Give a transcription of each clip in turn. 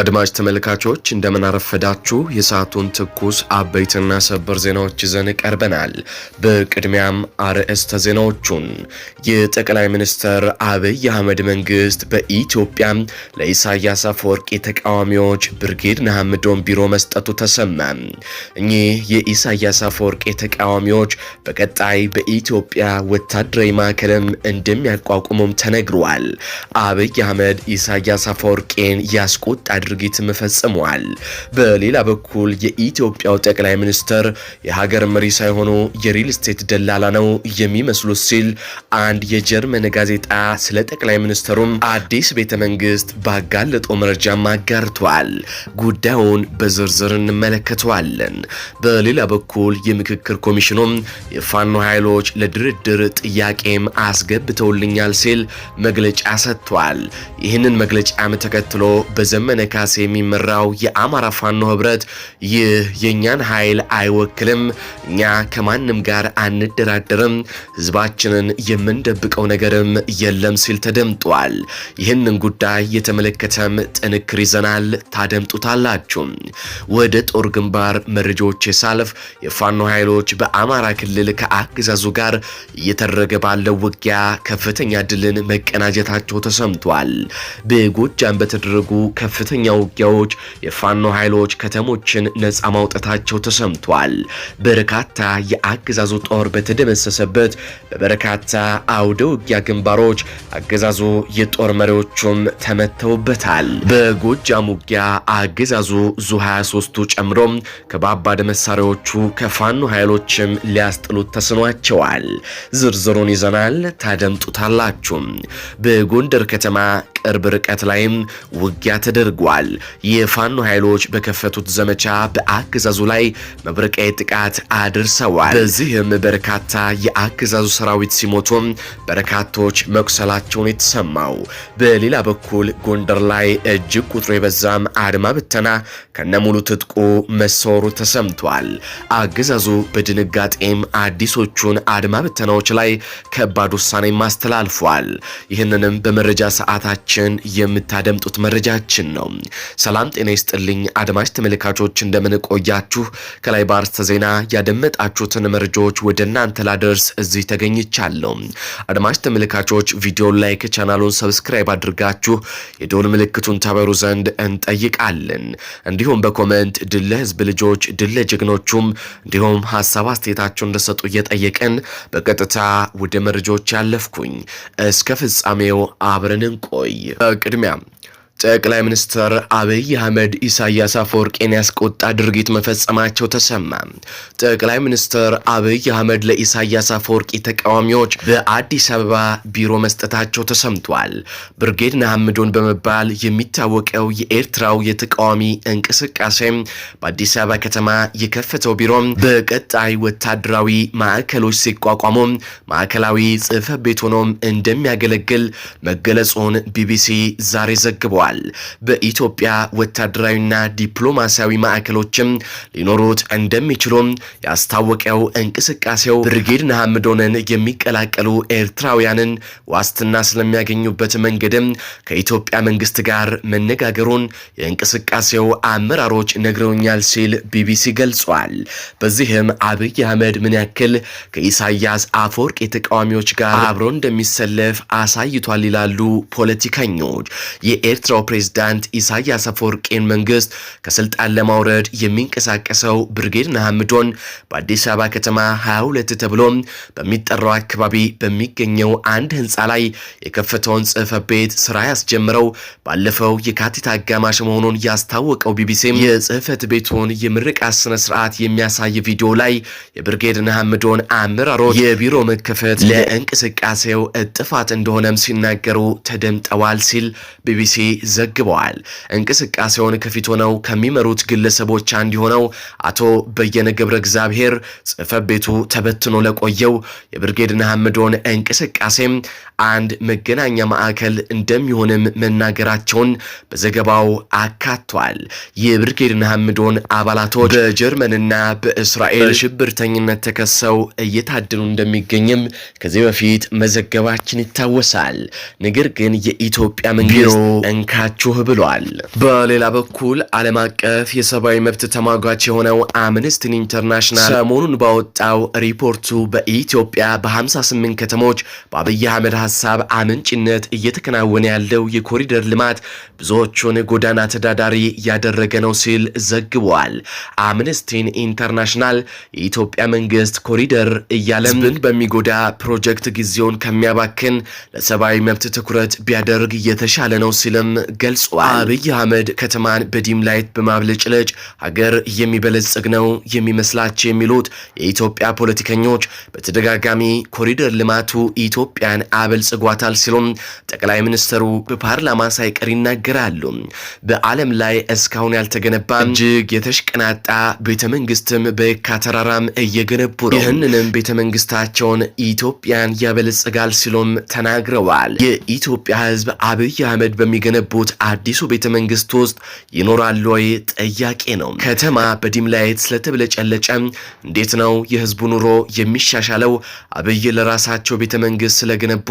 አድማጭ ተመልካቾች እንደምን አረፈዳችሁ። የሰዓቱን ትኩስ አበይትና ሰበር ዜናዎች ይዘን ቀርበናል። በቅድሚያም አርዕስተ ዜናዎቹን የጠቅላይ ሚኒስትር አብይ አህመድ መንግስት በኢትዮጵያ ለኢሳያስ አፈወርቅ ተቃዋሚዎች ብርጌድ ንሓመዶም ቢሮ መስጠቱ ተሰማ። እኚህ የኢሳያስ አፈወርቅ ተቃዋሚዎች በቀጣይ በኢትዮጵያ ወታደራዊ ማዕከልም እንደሚያቋቁሙም ተነግሯል። አብይ አህመድ ኢሳያስ አፈወርቄን ያስቆጣ ድርጊትም ፈጽሟል። በሌላ በኩል የኢትዮጵያው ጠቅላይ ሚኒስትር የሀገር መሪ ሳይሆኑ የሪል ስቴት ደላላ ነው የሚመስሉት ሲል አንድ የጀርመን ጋዜጣ ስለ ጠቅላይ ሚኒስትሩም አዲስ ቤተ መንግስት ባጋለጠው መረጃም አጋርቷል። ጉዳዩን በዝርዝር እንመለከተዋለን። በሌላ በኩል የምክክር ኮሚሽኑም የፋኖ ኃይሎች ለድርድር ጥያቄም አስገብተውልኛል ሲል መግለጫ ሰጥቷል። ይህንን መግለጫም ተከትሎ በዘመነ ካሴ የሚመራው የአማራ ፋኖ ህብረት ይህ የእኛን ኃይል አይወክልም፣ እኛ ከማንም ጋር አንደራደርም፣ ህዝባችንን የምንደብቀው ነገርም የለም ሲል ተደምጧል። ይህንን ጉዳይ የተመለከተም ጥንክር ይዘናል፣ ታደምጡታላችሁ። ወደ ጦር ግንባር መረጃዎች የሳልፍ የፋኖ ኃይሎች በአማራ ክልል ከአገዛዙ ጋር እየተደረገ ባለው ውጊያ ከፍተኛ ድልን መቀናጀታቸው ተሰምቷል። በጎጃም በተደረጉ ከፍተኛ ከፍተኛ ውጊያዎች የፋኖ ኃይሎች ከተሞችን ነፃ ማውጣታቸው ተሰምቷል። በርካታ የአገዛዙ ጦር በተደመሰሰበት በበርካታ አውደ ውጊያ ግንባሮች አገዛዙ የጦር መሪዎቹም ተመተውበታል። በጎጃም ውጊያ አገዛዙ ዙ 23ቱ ጨምሮም ከባባድ መሳሪያዎቹ ከፋኖ ኃይሎችም ሊያስጥሉት ተስኗቸዋል። ዝርዝሩን ይዘናል ታደምጡታላችሁ። በጎንደር ከተማ ቅርብ ርቀት ላይም ውጊያ ተደርጓል። የፋኖ ኃይሎች በከፈቱት ዘመቻ በአገዛዙ ላይ መብረቃዊ ጥቃት አድርሰዋል። በዚህም በርካታ የአገዛዙ ሰራዊት ሲሞቱም በርካቶች መቁሰላቸውን የተሰማው። በሌላ በኩል ጎንደር ላይ እጅግ ቁጥሩ የበዛም አድማ ብተና ከነሙሉ ትጥቁ መሰወሩ ተሰምቷል። አገዛዙ በድንጋጤም አዲሶቹን አድማ ብተናዎች ላይ ከባድ ውሳኔም አስተላልፏል። ይህንንም በመረጃ ሰዓታችን ዜናችን የምታደምጡት መረጃችን ነው። ሰላም ጤና ይስጥልኝ አድማጭ ተመልካቾች፣ እንደምንቆያችሁ ከላይ በአርስተ ዜና ያደመጣችሁትን መረጃዎች ወደ እናንተ ላደርስ እዚህ ተገኝቻለሁ። አድማጭ ተመልካቾች ቪዲዮን ላይክ፣ ቻናሉን ሰብስክራይብ አድርጋችሁ የዶል ምልክቱን ታበሩ ዘንድ እንጠይቃለን። እንዲሁም በኮመንት ድል ለህዝብ ልጆች ድል ለጀግኖቹም እንዲሁም ሀሳብ አስተያየታቸውን እንደሰጡ እየጠየቅን በቀጥታ ወደ መረጃዎች ያለፍኩኝ እስከ ፍጻሜው አብረን እንቆይ። ቅድሚያ ጠቅላይ ሚኒስትር አብይ አህመድ ኢሳያስ አፈወርቄን ያስቆጣ ድርጊት መፈጸማቸው ተሰማ። ጠቅላይ ሚኒስትር አብይ አህመድ ለኢሳያስ አፈወርቂ ተቃዋሚዎች በአዲስ አበባ ቢሮ መስጠታቸው ተሰምቷል። ብርጌድ ንሓመዶን በመባል የሚታወቀው የኤርትራው የተቃዋሚ እንቅስቃሴም በአዲስ አበባ ከተማ የከፈተው ቢሮ በቀጣይ ወታደራዊ ማዕከሎች ሲቋቋሙ ማዕከላዊ ጽህፈት ቤት ሆኖም እንደሚያገለግል መገለጹን ቢቢሲ ዛሬ ዘግቧል። ተናግረዋል። በኢትዮጵያ ወታደራዊና ዲፕሎማሲያዊ ማዕከሎችም ሊኖሩት እንደሚችሉም ያስታወቀው እንቅስቃሴው ብርጌድ ንሓመዶንን የሚቀላቀሉ ኤርትራውያንን ዋስትና ስለሚያገኙበት መንገድም ከኢትዮጵያ መንግስት ጋር መነጋገሩን የእንቅስቃሴው አመራሮች ነግረውኛል ሲል ቢቢሲ ገልጿል። በዚህም አብይ አህመድ ምን ያክል ከኢሳያስ አፈወርቅ የተቃዋሚዎች ጋር አብሮ እንደሚሰለፍ አሳይቷል ይላሉ ፖለቲከኞች። የኤርትራ የኤርትራው ፕሬዝዳንት ኢሳያስ አፈወርቄን መንግስት ከስልጣን ለማውረድ የሚንቀሳቀሰው ብርጌድ ንሓመዶን በአዲስ አበባ ከተማ 22 ተብሎ በሚጠራው አካባቢ በሚገኘው አንድ ህንፃ ላይ የከፈተውን ጽህፈት ቤት ስራ ያስጀምረው ባለፈው የካቲት አጋማሽ መሆኑን ያስታወቀው ቢቢሲም የጽህፈት ቤቱን የምርቃት ስነ ስርዓት የሚያሳይ ቪዲዮ ላይ የብርጌድ ንሓመዶን አመራሮች የቢሮ መከፈት ለእንቅስቃሴው እጥፋት እንደሆነም ሲናገሩ ተደምጠዋል ሲል ቢቢሲ ዘግበዋል። እንቅስቃሴውን ከፊት ሆነው ከሚመሩት ግለሰቦች አንዱ የሆነው አቶ በየነ ገብረ እግዚአብሔር ጽፈት ቤቱ ተበትኖ ለቆየው የብርጌድ ንሓመዶን እንቅስቃሴም አንድ መገናኛ ማዕከል እንደሚሆንም መናገራቸውን በዘገባው አካቷል። የብርጌድ ንሓመዶን አባላቶች በጀርመንና በእስራኤል ሽብርተኝነት ተከሰው እየታደኑ እንደሚገኝም ከዚህ በፊት መዘገባችን ይታወሳል። ነገር ግን የኢትዮጵያ መንግስት እባካችሁ ብሏል። በሌላ በኩል ዓለም አቀፍ የሰብአዊ መብት ተሟጋች የሆነው አምነስቲ ኢንተርናሽናል ሰሞኑን ባወጣው ሪፖርቱ በኢትዮጵያ በ58 ከተሞች በአብይ አህመድ ሀሳብ አመንጭነት እየተከናወነ ያለው የኮሪደር ልማት ብዙዎቹን ጎዳና ተዳዳሪ ያደረገ ነው ሲል ዘግቧል። አምነስቲን ኢንተርናሽናል የኢትዮጵያ መንግስት ኮሪደር እያለ ህዝብን በሚጎዳ ፕሮጀክት ጊዜውን ከሚያባክን ለሰብአዊ መብት ትኩረት ቢያደርግ የተሻለ ነው ሲልም ገልጿል አብይ አህመድ ከተማን በዲም ላይት በማብለጭለጭ ሀገር የሚበለጽግ ነው የሚመስላቸው የሚሉት የኢትዮጵያ ፖለቲከኞች በተደጋጋሚ ኮሪደር ልማቱ ኢትዮጵያን አበልጽጓታል ሲሉም ጠቅላይ ሚኒስትሩ በፓርላማ ሳይቀር ይናገራሉ። በዓለም ላይ እስካሁን ያልተገነባ እጅግ የተሽቀናጣ ቤተ መንግስትም በየካ ተራራም እየገነቡ ነው። ይህንንም ቤተ መንግስታቸውን ኢትዮጵያን ያበለጽጋል ሲሉም ተናግረዋል። የኢትዮጵያ ህዝብ አብይ አህመድ በሚገነቡ በገነቡት አዲሱ ቤተ መንግስት ውስጥ ይኖራሉ ወይ ጥያቄ ነው። ከተማ በዲም ላይት ስለተብለጨለጨ እንዴት ነው የህዝቡ ኑሮ የሚሻሻለው? አብይ ለራሳቸው ቤተ መንግስት ስለገነቡ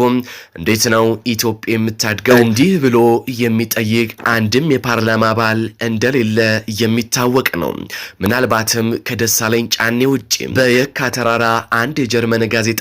እንዴት ነው ኢትዮጵያ የምታድገው? እንዲህ ብሎ የሚጠይቅ አንድም የፓርላማ አባል እንደሌለ የሚታወቅ ነው። ምናልባትም ከደሳለኝ ጫኔ ውጭ በየካ ተራራ አንድ የጀርመን ጋዜጣ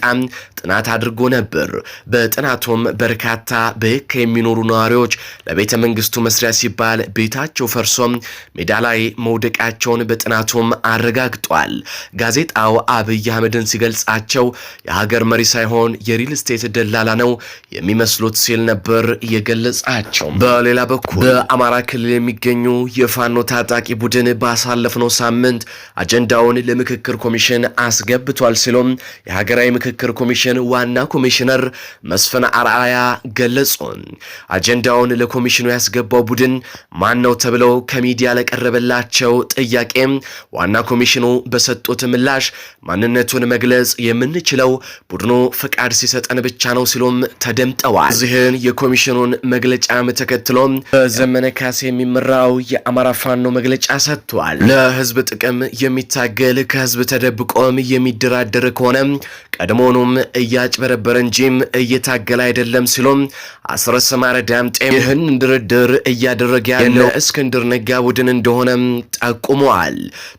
ጥናት አድርጎ ነበር። በጥናቱም በርካታ በየካ የሚኖሩ ነዋሪዎች ለቤተ ቤተ መንግስቱ መስሪያ ሲባል ቤታቸው ፈርሶም ሜዳ ላይ መውደቃቸውን በጥናቱም አረጋግጧል። ጋዜጣው አብይ አህመድን ሲገልጻቸው የሀገር መሪ ሳይሆን የሪል ስቴት ደላላ ነው የሚመስሉት ሲል ነበር የገለጻቸው። በሌላ በኩል በአማራ ክልል የሚገኙ የፋኖ ታጣቂ ቡድን ባሳለፍነው ሳምንት አጀንዳውን ለምክክር ኮሚሽን አስገብቷል ሲሉም የሀገራዊ ምክክር ኮሚሽን ዋና ኮሚሽነር መስፍን አርአያ ገለጹ። አጀንዳውን ለኮሚሽን ችሎ ያስገባው ቡድን ማን ነው ተብለው ከሚዲያ ለቀረበላቸው ጥያቄ ዋና ኮሚሽኑ በሰጡት ምላሽ ማንነቱን መግለጽ የምንችለው ቡድኑ ፍቃድ ሲሰጠን ብቻ ነው ሲሉም ተደምጠዋል። እዚህን የኮሚሽኑን መግለጫም ተከትሎም በዘመነ ካሴ የሚመራው የአማራ ፋኖ መግለጫ ሰጥቷል። ለህዝብ ጥቅም የሚታገል ከህዝብ ተደብቆም የሚደራደር ከሆነ ቀድሞውኑም እያጭበረበረ እንጂም እየታገለ አይደለም ሲሉም አስረስ ማረ ዳምጤ ይህን ድርድር እያደረገ ያለው እስክንድር ነጋ ቡድን እንደሆነም ጠቁመዋል።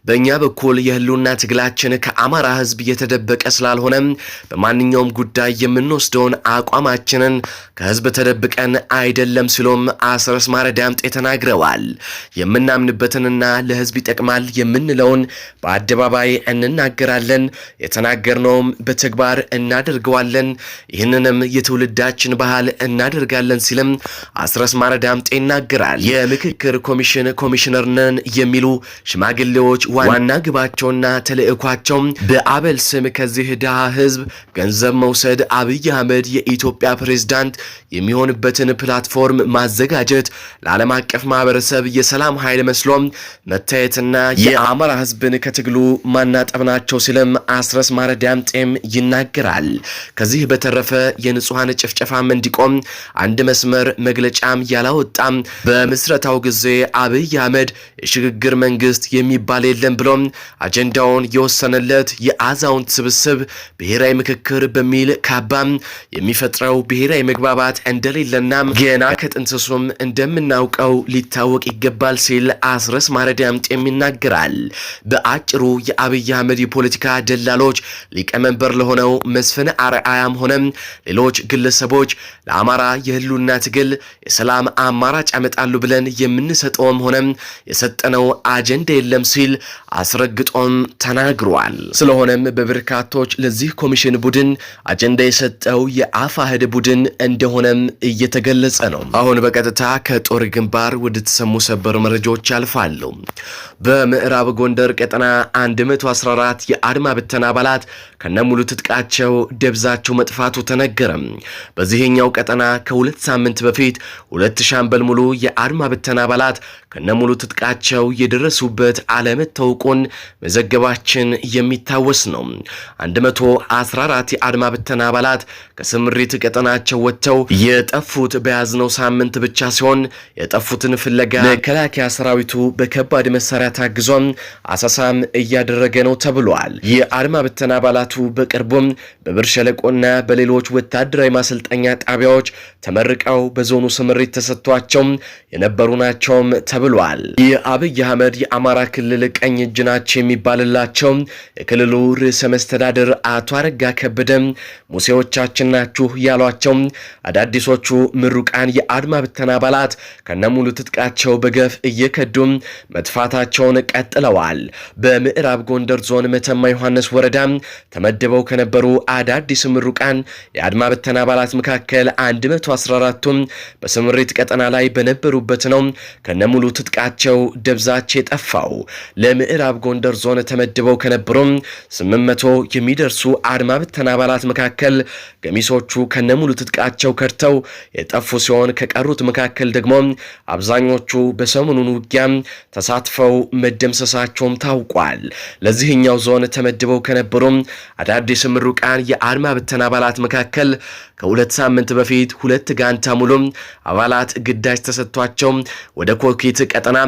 በእኛ በኩል የህልውና ትግላችን ከአማራ ህዝብ እየተደበቀ ስላልሆነም በማንኛውም ጉዳይ የምንወስደውን አቋማችንን ከህዝብ ተደብቀን አይደለም ሲሎም አስረስ ማረ ዳምጤ ተናግረዋል። የምናምንበትንና ለህዝብ ይጠቅማል የምንለውን በአደባባይ እንናገራለን፣ የተናገርነውም በተግባር እናደርገዋለን። ይህንንም የትውልዳችን ባህል እናደርጋለን ሲልም አስረስ ማረ አማረ ዳምጤ ይናገራል። የምክክር ኮሚሽን ኮሚሽነር ነን የሚሉ ሽማግሌዎች ዋና ግባቸውና ተልእኳቸው በአበል ስም ከዚህ ድሃ ህዝብ ገንዘብ መውሰድ፣ አብይ አህመድ የኢትዮጵያ ፕሬዝዳንት የሚሆንበትን ፕላትፎርም ማዘጋጀት፣ ለዓለም አቀፍ ማህበረሰብ የሰላም ኃይል መስሎ መታየትና የአማራ ህዝብን ከትግሉ ማናጠብ ናቸው ሲልም አስረስ ማረ ዳምጤም ይናገራል። ከዚህ በተረፈ የንጹሐን ጭፍጨፋም እንዲቆም አንድ መስመር መግለጫም ያለ አላወጣም። በምስረታው ጊዜ አብይ አህመድ የሽግግር መንግስት የሚባል የለም ብሎም አጀንዳውን የወሰነለት የአዛውንት ስብስብ ብሔራዊ ምክክር በሚል ካባም የሚፈጥረው ብሔራዊ መግባባት እንደሌለና ገና ከጥንስሱም እንደምናውቀው ሊታወቅ ይገባል ሲል አስረስ ማረዳምጤም ይናገራል። በአጭሩ የአብይ አህመድ የፖለቲካ ደላሎች ሊቀመንበር ለሆነው መስፍን አርአያም ሆነም ሌሎች ግለሰቦች ለአማራ የህልውና ትግል የሰላም አማራጭ አመጣሉ ብለን የምንሰጠውም ሆነ የሰጠነው አጀንዳ የለም ሲል አስረግጦም ተናግሯል። ስለሆነም በበርካቶች ለዚህ ኮሚሽን ቡድን አጀንዳ የሰጠው የአፋህድ ቡድን እንደሆነም እየተገለጸ ነው። አሁን በቀጥታ ከጦር ግንባር ወደ ተሰሙ ሰበር መረጃዎች ያልፋሉ። በምዕራብ ጎንደር ቀጠና 114 የአድማ ብተና አባላት ከነሙሉ ትጥቃቸው ደብዛቸው መጥፋቱ ተነገረም። በዚህኛው ቀጠና ከሁለት ሳምንት በፊት ሁለት ሻምበል ሙሉ የአድማ ብተና አባላት ከነሙሉ ትጥቃቸው የደረሱበት አለመታወቁ መልቀቁን መዘገባችን የሚታወስ ነው። 114 የአድማ ብተና አባላት ከስምሪት ቀጠናቸው ወጥተው የጠፉት በያዝነው ሳምንት ብቻ ሲሆን የጠፉትን ፍለጋ መከላከያ ሰራዊቱ በከባድ መሳሪያ ታግዞም አሳሳም እያደረገ ነው ተብሏል። የአድማ ብተና አባላቱ በቅርቡም በብር ሸለቆና በሌሎች ወታደራዊ ማሰልጠኛ ጣቢያዎች ተመርቀው በዞኑ ስምሪት ተሰጥቷቸው የነበሩ ናቸውም ተብሏል። የአብይ አህመድ የአማራ ክልል ቀኝ እጅ ናቸው የሚባልላቸው የክልሉ ርዕሰ መስተዳድር አቶ አረጋ ከበደ ሙሴዎቻችን ናችሁ ያሏቸው አዳዲሶቹ ምሩቃን የአድማ ብተና አባላት ከነሙሉ ትጥቃቸው በገፍ እየከዱ መጥፋታቸውን ቀጥለዋል። በምዕራብ ጎንደር ዞን መተማ ዮሐንስ ወረዳ ተመድበው ከነበሩ አዳዲስ ምሩቃን የአድማ ብተና አባላት መካከል 114ቱም በስምሪት ቀጠና ላይ በነበሩበት ነው ከነሙሉ ትጥቃቸው ደብዛቸው የጠፋው። ለምዕራ ምዕራብ ጎንደር ዞን ተመድበው ከነበሩም 800 የሚደርሱ አድማ ብተና አባላት መካከል ገሚሶቹ ከነሙሉ ትጥቃቸው ከድተው የጠፉ ሲሆን ከቀሩት መካከል ደግሞ አብዛኞቹ በሰሞኑን ውጊያ ተሳትፈው መደምሰሳቸውም ታውቋል። ለዚህኛው ዞን ተመድበው ከነበሩም አዳዲስ ምሩቃን የአድማ ብተና አባላት መካከል ከሁለት ሳምንት በፊት ሁለት ጋንታ ሙሉ አባላት ግዳጅ ተሰጥቷቸው ወደ ኮኬት ቀጠና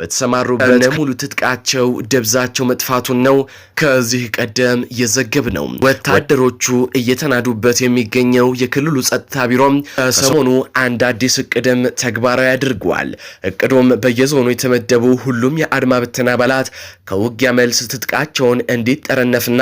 በተሰማሩ በሙሉ ትጥቃቸው ደብዛቸው መጥፋቱን ነው ከዚህ ቀደም የዘገብ ነው። ወታደሮቹ እየተናዱበት የሚገኘው የክልሉ ጸጥታ ቢሮም ሰሞኑ አንድ አዲስ እቅድም ተግባራዊ አድርጓል። እቅዱም በየዞኑ የተመደቡ ሁሉም የአድማ ብተና አባላት ከውጊያ መልስ ትጥቃቸውን እንዲጠረነፍና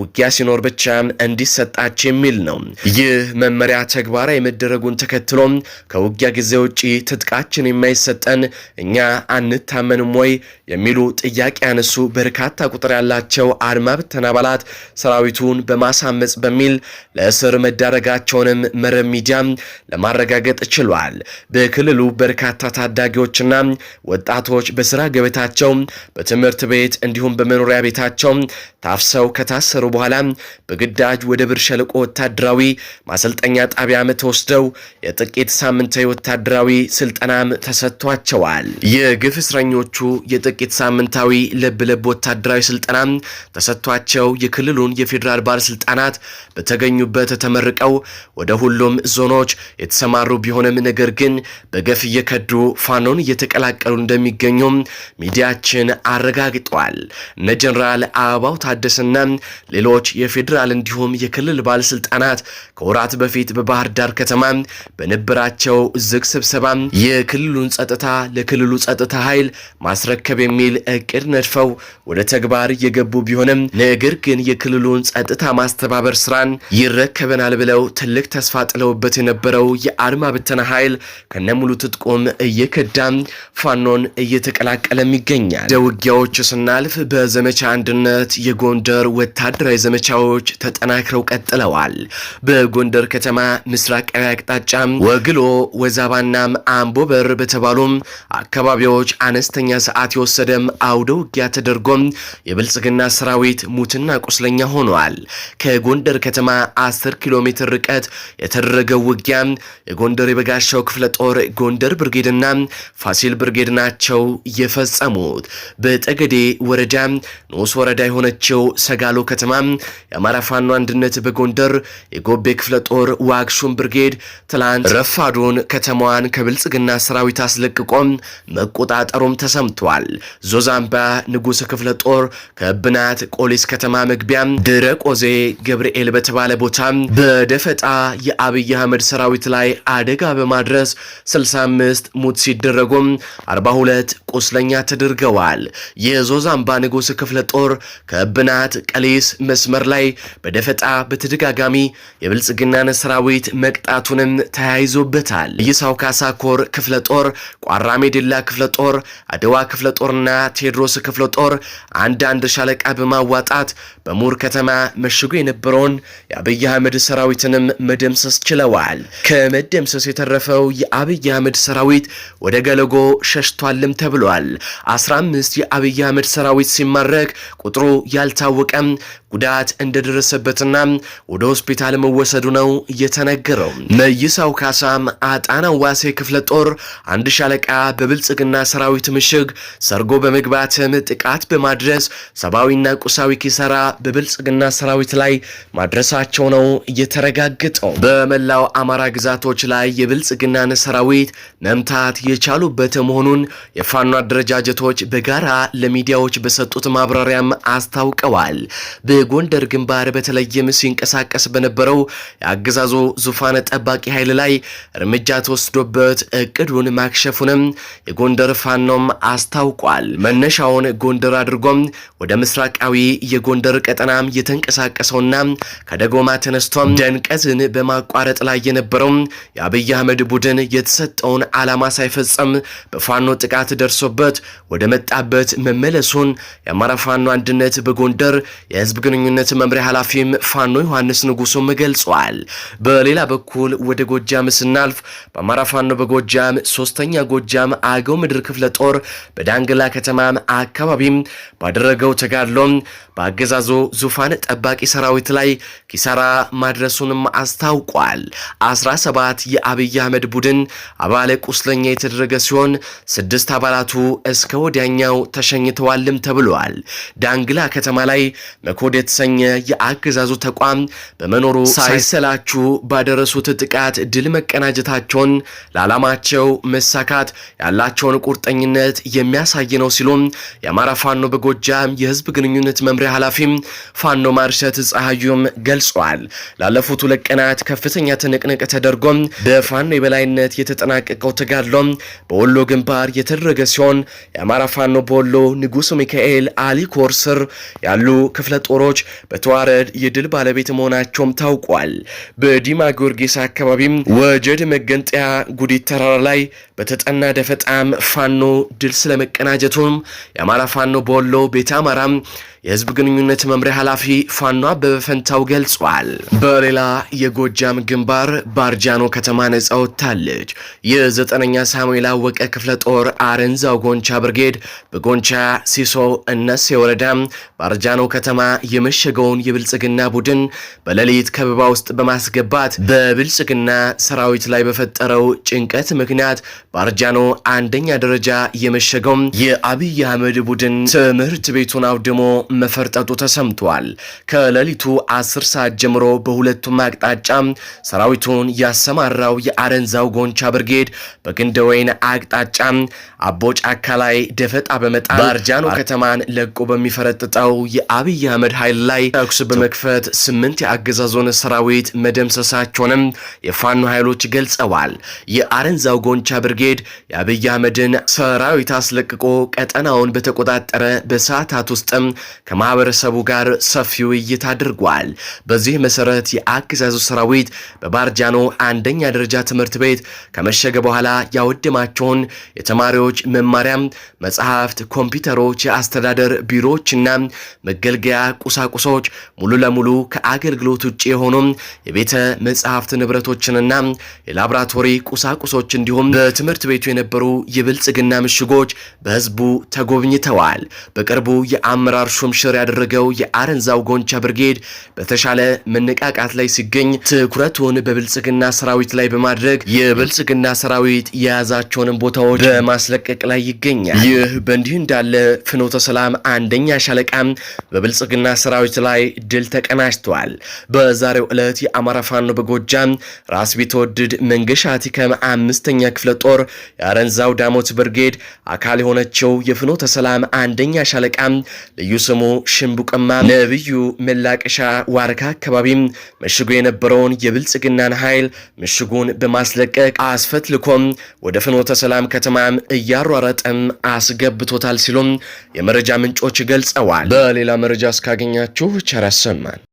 ውጊያ ሲኖር ብቻም እንዲሰጣቸው የሚል ነው። ይህ መመሪያ ተግባራዊ መደረጉን ተከትሎም ከውጊያ ጊዜ ውጪ ትጥቃችን የማይሰጠን እኛ አንታመንም ወይ የሚሉ ጥያቄ ያነሱ በርካታ ቁጥር ያላቸው አድማ ብተን አባላት ሰራዊቱን በማሳመጽ በሚል ለእስር መዳረጋቸውንም መረብ ሚዲያም ለማረጋገጥ ችሏል። በክልሉ በርካታ ታዳጊዎችና ወጣቶች በስራ ገበታቸው፣ በትምህርት ቤት እንዲሁም በመኖሪያ ቤታቸው ታፍሰው ከታሰሩ በኋላ በግዳጅ ወደ ብር ሸለቆ ወታደራዊ ማሰልጠኛ ጣቢያ ተወስደው የጥቂት ሳምንታዊ ወታደራዊ ስልጠናም ተሰጥቷቸዋል። የግፍ እስረኞቹ የጥቂት ሳምንታዊ ለብ ለብ ወታደራዊ ስልጠና ተሰጥቷቸው የክልሉን የፌዴራል ባለስልጣናት በተገኙበት ተመርቀው ወደ ሁሉም ዞኖች የተሰማሩ ቢሆንም ነገር ግን በገፍ እየከዱ ፋኖን እየተቀላቀሉ እንደሚገኙም ሚዲያችን አረጋግጧል። እነ ጀኔራል አበባው ታደሰና ሌሎች የፌዴራል እንዲሁም የክልል ባለስልጣናት ከወራት በፊት በባህር ዳር ከተማ በነበራቸው ዝግ ስብሰባ የክልሉን ጸጥታ ለክልሉ ጸጥታ ኃይል ማስረከብ የሚል እቅድ ተነድፈው ወደ ተግባር እየገቡ ቢሆንም ነገር ግን የክልሉን ጸጥታ ማስተባበር ስራን ይረከበናል ብለው ትልቅ ተስፋ ጥለውበት የነበረው የአድማ ብተና ኃይል ከነሙሉ ትጥቁም እየከዳም ፋኖን እየተቀላቀለም ይገኛል። ደውጊያዎች ስናልፍ በዘመቻ አንድነት የጎንደር ወታደራዊ ዘመቻዎች ተጠናክረው ቀጥለዋል። በጎንደር ከተማ ምስራቃዊ አቅጣጫ ወግሎ ወዛባናም አምቦበር በተባሉም አካባቢዎች አነስተኛ ሰዓት የወሰደም አውደ ውጊያ ተደርጎም የብልጽግና ሰራዊት ሙትና ቁስለኛ ሆኗል። ከጎንደር ከተማ 10 ኪሎ ሜትር ርቀት የተደረገው ውጊያ የጎንደር የበጋሻው ክፍለ ጦር ጎንደር ብርጌድና ፋሲል ብርጌድ ናቸው የፈጸሙት። በጠገዴ ወረዳ ንዑስ ወረዳ የሆነችው ሰጋሎ ከተማ የአማራ ፋኖ አንድነት በጎንደር የጎቤ ክፍለ ጦር ዋግሹም ብርጌድ ትላንት ረፋዶን ከተማዋን ከብልጽግና ሰራዊት አስለቅቆም መቆጣጠሩም ተሰምቷል። ዞዛምባ ንጉሥ ክፍለ ጦር ከብናት ቆሊስ ከተማ መግቢያ ድረ ቆዜ ገብርኤል በተባለ ቦታ በደፈጣ የአብይ አህመድ ሰራዊት ላይ አደጋ በማድረስ 65 ሙት ሲደረጉም 42 ቁስለኛ ተደርገዋል። የዞዛምባ ንጉሥ ክፍለ ጦር ከብናት ቀሊስ መስመር ላይ በደፈጣ በተደጋጋሚ የብልጽግናን ሰራዊት መቅጣቱንም ተያይዞበታል። ይሳው ካሳኮር ክፍለ ጦር፣ ቋራሜ ድላ ክፍለ ጦር፣ አድዋ ክፍለ ጦርና ቴዎድሮስ ክፍለ ክፍለ ጦር አንዳንድ ሻለቃ በማዋጣት በሙር ከተማ መሽጎ የነበረውን የአብይ አህመድ ሰራዊትንም መደምሰስ ችለዋል። ከመደምሰስ የተረፈው የአብይ አህመድ ሰራዊት ወደ ገለጎ ሸሽቷልም ተብሏል። 15 የአብይ አህመድ ሰራዊት ሲማረክ ቁጥሩ ያልታወቀም ጉዳት እንደደረሰበትና ወደ ሆስፒታል መወሰዱ ነው የተነገረው። መይሳው ካሳም አጣና ዋሴ ክፍለ ጦር አንድ ሻለቃ በብልጽግና ሰራዊት ምሽግ ሰርጎ በመግባትም ጥቃት በማድረስ ሰብአዊና ቁሳዊ ኪሳራ በብልጽግና ሰራዊት ላይ ማድረሳቸው ነው እየተረጋገጠው። በመላው አማራ ግዛቶች ላይ የብልጽግናን ሰራዊት መምታት የቻሉበት መሆኑን የፋኖ አደረጃጀቶች በጋራ ለሚዲያዎች በሰጡት ማብራሪያም አስታውቀዋል። በጎንደር ግንባር በተለይም ሲንቀሳቀስ በነበረው የአገዛዙ ዙፋን ጠባቂ ኃይል ላይ እርምጃ ተወስዶበት እቅዱን ማክሸፉንም የጎንደር ፋኖም አስታውቋል። መነሻውን ጎንደር አድርጎም ወደ ምስራቃዊ የጎንደር ቀጠናም የተንቀሳቀሰውና ከደጎማ ተነስቶም ደንቀዝን በማቋረጥ ላይ የነበረው የአብይ አህመድ ቡድን የተሰጠውን ዓላማ ሳይፈጸም በፋኖ ጥቃት ደርሶበት ወደ መጣበት መመለሱን የአማራ ፋኖ አንድነት በጎንደር የህዝብ ግንኙነት መምሪያ ኃላፊም ፋኖ ዮሐንስ ንጉሱም ገልጿል። በሌላ በኩል ወደ ጎጃም ስናልፍ በአማራ ፋኖ በጎጃም ሶስተኛ ጎጃም አገው ምድር ክፍለ ጦር በዳንግላ ከተማ አካባቢም ባደረገው ተጋድሎም በአገዛዙ ዙፋን ጠባቂ ሰራዊት ላይ ኪሳራ ማድረሱንም አስታውቋል። ሰባት የአብይ አህመድ ቡድን አባለ ቁስለኛ የተደረገ ሲሆን ስድስት አባላቱ እስከ ወዲያኛው ተሸኝተዋልም ተብሏል። ዳንግላ ከተማ ላይ መኮድ የተሰኘ የአገዛዙ ተቋም በመኖሩ ሳይሰላችሁ ባደረሱት ጥቃት ድል መቀናጀታቸውን ለዓላማቸው መሳካት ያላቸውን ቁርጠኝነት የሚያሳይ ነው ሲሉም የአማራ ፋኖ በጎጃም የህዝብ ግንኙነት መምሪያ ኃላፊም ፋኖ ማርሸት ፀሐዩም ገልጿል። ላለፉት ሁለት ቀናት ከፍተኛ ትንቅንቅ ተደርጎም በፋኖ የበላይነት የተጠናቀቀው ተጋድሎ በወሎ ግንባር የተደረገ ሲሆን የአማራ ፋኖ በወሎ ንጉሱ ሚካኤል አሊ ኮር ስር ያሉ ክፍለ ጦሮች በተዋረድ የድል ባለቤት መሆናቸውም ታውቋል። በዲማ ጊዮርጊስ አካባቢም ወጀድ መገንጠያ ጉዲት ተራራ ላይ በተጠና ደፈጣም ፋኖ ድል ስለመቀናጀቱም የአማራ ፋኖ በወሎ ቤተ አማራም የህዝብ ግንኙነት መምሪያ ኃላፊ ፋኖ አበበ ፈንታው ገልጿል። በሌላ የጎጃም ግንባር ባርጃኖ ከተማ ነጻ ወጥታለች። የዘጠነኛ ሳሙኤል አወቀ ክፍለ ጦር አረንዛው ጎንቻ ብርጌድ በጎንቻ ሲሶ እነሴ ወረዳ ባርጃኖ ከተማ የመሸገውን የብልጽግና ቡድን በሌሊት ከበባ ውስጥ በማስገባት በብልጽግና ሰራዊት ላይ በፈጠረው ጭንቀት ምክንያት ባርጃኖ አንደኛ ደረጃ የመሸገው የአብይ አህመድ ቡድን ትምህርት ቤቱን አውድሞ መፈርጠጡ ተሰምቷል። ከሌሊቱ 10 ሰዓት ጀምሮ በሁለቱም አቅጣጫ ሰራዊቱን ያሰማራው የአረንዛው ጎንቻ ብርጌድ በግንደወይን አቅጣጫ አቦ ጫካ ላይ ደፈጣ በመጣል ባርጃኖ ከተማን ለቆ በሚፈረጥጠው የአብይ አህመድ ኃይል ላይ ተኩስ በመክፈት ስምንት የአገዛዞን ሰራዊት መደምሰሳቸውንም የፋኖ ኃይሎች ገልጸዋል። የአረንዛው ጎንቻ ብርጌድ የአብይ አህመድን ሰራዊት አስለቅቆ ቀጠናውን በተቆጣጠረ በሰዓታት ውስጥም ከማህበረሰቡ ጋር ሰፊ ውይይት አድርጓል። በዚህ መሰረት የአገዛዙ ሰራዊት በባርጃኖ አንደኛ ደረጃ ትምህርት ቤት ከመሸገ በኋላ ያወደማቸውን የተማሪዎች መማሪያም፣ መጽሐፍት፣ ኮምፒውተሮች፣ የአስተዳደር ቢሮዎችና መገልገያ ቁሳቁሶች ሙሉ ለሙሉ ከአገልግሎት ውጭ የሆኑ የቤተ መጽሐፍት ንብረቶችንና የላብራቶሪ ቁሳቁሶች እንዲሁም በትምህርት ቤቱ የነበሩ የብልጽግና ምሽጎች በህዝቡ ተጎብኝተዋል። በቅርቡ የአመራር ሹም ሹምሽር ያደረገው የአረንዛው ጎንቻ ብርጌድ በተሻለ መነቃቃት ላይ ሲገኝ ትኩረቱን በብልጽግና ሰራዊት ላይ በማድረግ የብልጽግና ሰራዊት የያዛቸውንም ቦታዎች በማስለቀቅ ላይ ይገኛል። ይህ በእንዲህ እንዳለ ፍኖተ ሰላም አንደኛ ሻለቃም በብልጽግና ሰራዊት ላይ ድል ተቀናጅተዋል። በዛሬው ዕለት የአማራ ፋኖ በጎጃም ራስ ቢትወድድ መንገሻ ቲከም አምስተኛ ክፍለ ጦር የአረንዛው ዳሞት ብርጌድ አካል የሆነችው የፍኖተ ሰላም አንደኛ ሻለቃም ልዩ ስሙ ኦሮሞ ሽምቡቀማ ነብዩ መላቀሻ ዋርካ አካባቢም መሽጎ የነበረውን የብልጽግናን ኃይል ምሽጉን በማስለቀቅ አስፈትልኮም ወደ ፍኖተ ሰላም ከተማም እያሯረጠም አስገብቶታል ሲሉም የመረጃ ምንጮች ገልጸዋል። በሌላ መረጃ እስካገኛችሁ ቸር ያሰማን።